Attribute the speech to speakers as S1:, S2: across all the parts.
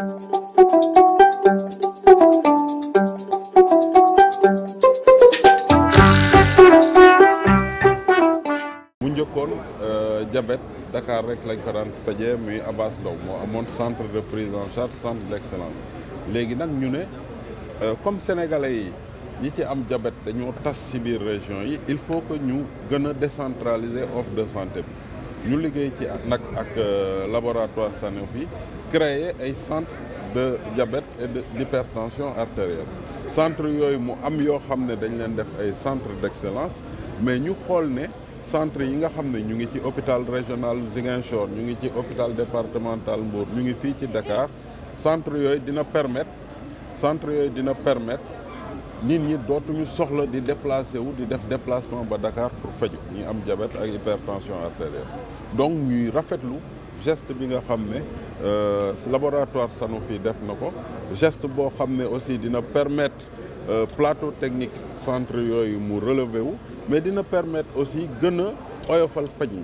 S1: bu njëkkoon euh, jabet dakaar rek lañ ko daan fajee muy Abass Ndao moo amoon centre de prise en charge centre d'excellence léegi nag ñu ne euh, comme sénégalais yi ñi ci am jabet dañoo tas ci biir région yi il faut que ñu gën a décentraliser offre de santé bi ñu liggéey ci nag ak euh, laboratoire Sanofi créer ay centre de diabète et de d'hypertension artérielle centre yooyu mu am yoo xam ne dañ leen def ay centre d'excellence mais ñu xool ne centre yi nga xam ne ñu ngi ci hôpital régional Ziguinchor ñu ngi ci hôpital départemental Mbour ñu ngi fii ci Dakar centre yooyu dina permettre centre yooyu dina permettre nit ñi dootuñu soxla di déplacé wu di def déplacement ba Dakar pour faju ñu am diabète ak hypertension artérielle donc ñuy rafetlu geste bi nga xam ne euh, laboratoire Sanofi def na ko geste boo xam ne aussi dina permettre euh, plateau technique centre yooyu mu relever wu mais dina permettre aussi gën a oyofal paj mi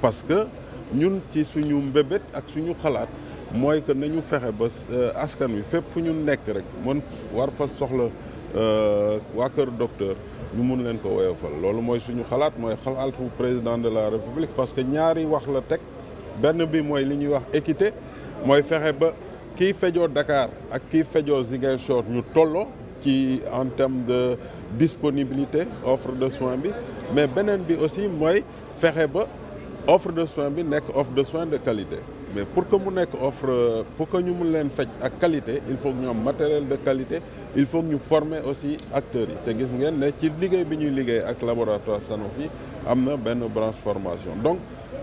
S1: parce que ñun ci suñu mbébét ak suñu xalaat mooy que nañu fexe ba euh, askan wi fépp fu ñu nekk rek mën war fa soxla Euh, waa kër docteur ñu mun leen ko woyofal loolu mooy suñu xalaat mooy xalaatu président de la république parce que ñaari wax la teg benn bi mooy li ñuy wax équité mooy fexe ba kii fejoo dakaar ak kii fejoo Ziguinchor ñu tolloo ci en terme de disponibilité offre de soins bi mais beneen bi aussi mooy fexe ba offre de soins bi nekk offre de soins de qualité mais pour que mu nekk offre pour que ñu leen faj ak qualité il faut que matériel de qualité il faut ñu former aussi acteurs yi te gis ngeen ne ci liggéey bi ñuy liggéey ak laboratoire Sanofi am na benn branche formation donc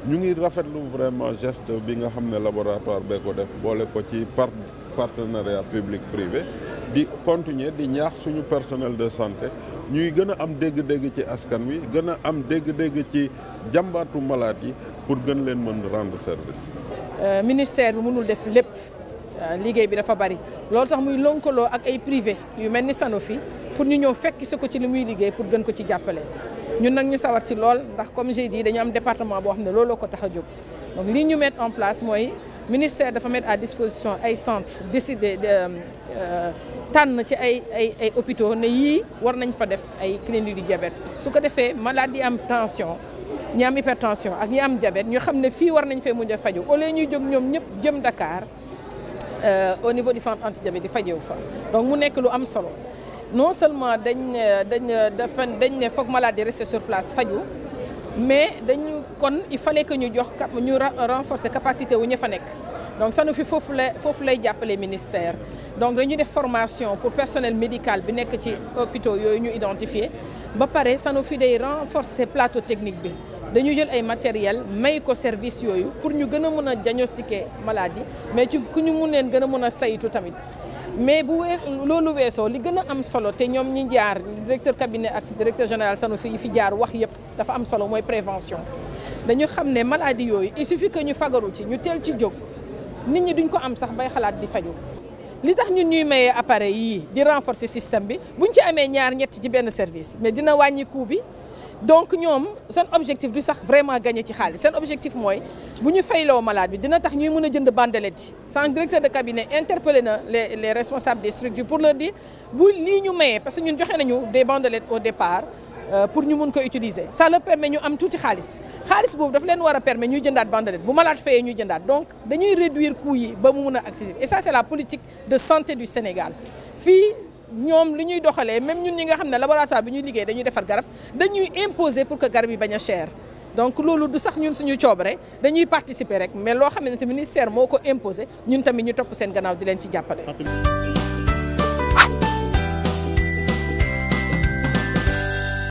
S1: ñu ngi rafetlu vraiment geste bi nga xam ne laboratoire bee ko def boole ko ci par partenariat public privé di continuer di ñaax suñu personnel de santé ñuy gën am dégg-dégg ci askan wi gën a am dégg-dégg ci jàmbaatu malade yi pour gën leen mën rendre service.
S2: Euh, ministère bi mënul def lépp euh, liggéey bi dafa bari loolu tax muy lëkkaloo ak ay privé yu mel ni Sanofi pour ñu ñëw fekk si ko ci li muy liggéey pour gën ko ci jàppale. ñun nag ñu sawar ci lool ndax comme j'ai dit dañu am département boo xam ne looloo ko tax a jóg li ñu mettre en place mooy. ministère dafa mettre à disposition ay centres décidé euh, euh, tànn ci ay ay ay hôpitaux ne yii war nañ fa def ay clinique du jabet su ko defee malade am tension ñi am hypertension ak ñi am diabète ñoo xam ne fii war nañ fee mu a faju au lieu ñuy jóg ñoom ñëpp jëm Dakar euh, au niveau du centre antidiabète yi fajewu fa donc mu nekk lu am solo non seulement dañ dañ dafa dañ ne foog malade yi rester sur place faju mais dañu kon il fallait que ñu jox ñu renforcer capacité wu ñu fa nekk donc fi foofu la foofu lay jàppale ministère donc dañu def formation pour personnel médical bi nekk ci hôpitaux yooyu ñu identifié ba pare sanu Sanofi day renforcer plateau technique bi dañu jël ay matériel may ko service yooyu pour ñu gën a mën a diagnostiquer maladie mais ci ku ñu mu leen gën a mën a saytu tamit mais bu wee loolu weesoo li gën a am solo te ñoom ñi jaar directeur cabinet ak directeur général Sanofi yi fi jaar wax yëpp dafa am solo mooy prévention dañu xam ne maladie yooyu il suffit que ñu fagaru ci ñu teel ci jóg nit ñi duñ ko am sax bay xalaat di faju li tax ñun ñuy mayee appareil yii di renforcer système bi buñ ci amee ñaar ñetti ci benn service mais dina wàññi coût bi donc ñoom seen objectif du sax vraiment gagné ci xaalis seen objectif mooy bu ñu fayloo malade bi dina tax ñuy mun a jënd bandelette yi sans directeur de cabinet interpellé na les les responsables des structures pour leur dire bu lii ñu mayee parce que ñun joxe nañu des bandelettes au départ euh, pour ñu mun ko utiliser ça leur permet ñu am tuuti xaalis xaalis boobu daf leen war a permettre ñuy jëndaat bandelette bu malade fayee ñuy jëndaat donc dañuy réduire coût yi ba mu mun a accessible et ça c'est la politique ñoom li ñuy doxalee même ñun ñi nga xam ne laboratoire bi ñuy liggéey dañuy defar garab dañuy imposer pour que garab yi bañ a cher donc loolu du sax ñun suñu rek dañuy participer rek mais loo xamante ministère moo ko imposer ñun tamit ñu topp seen gannaaw di leen ci jàppale.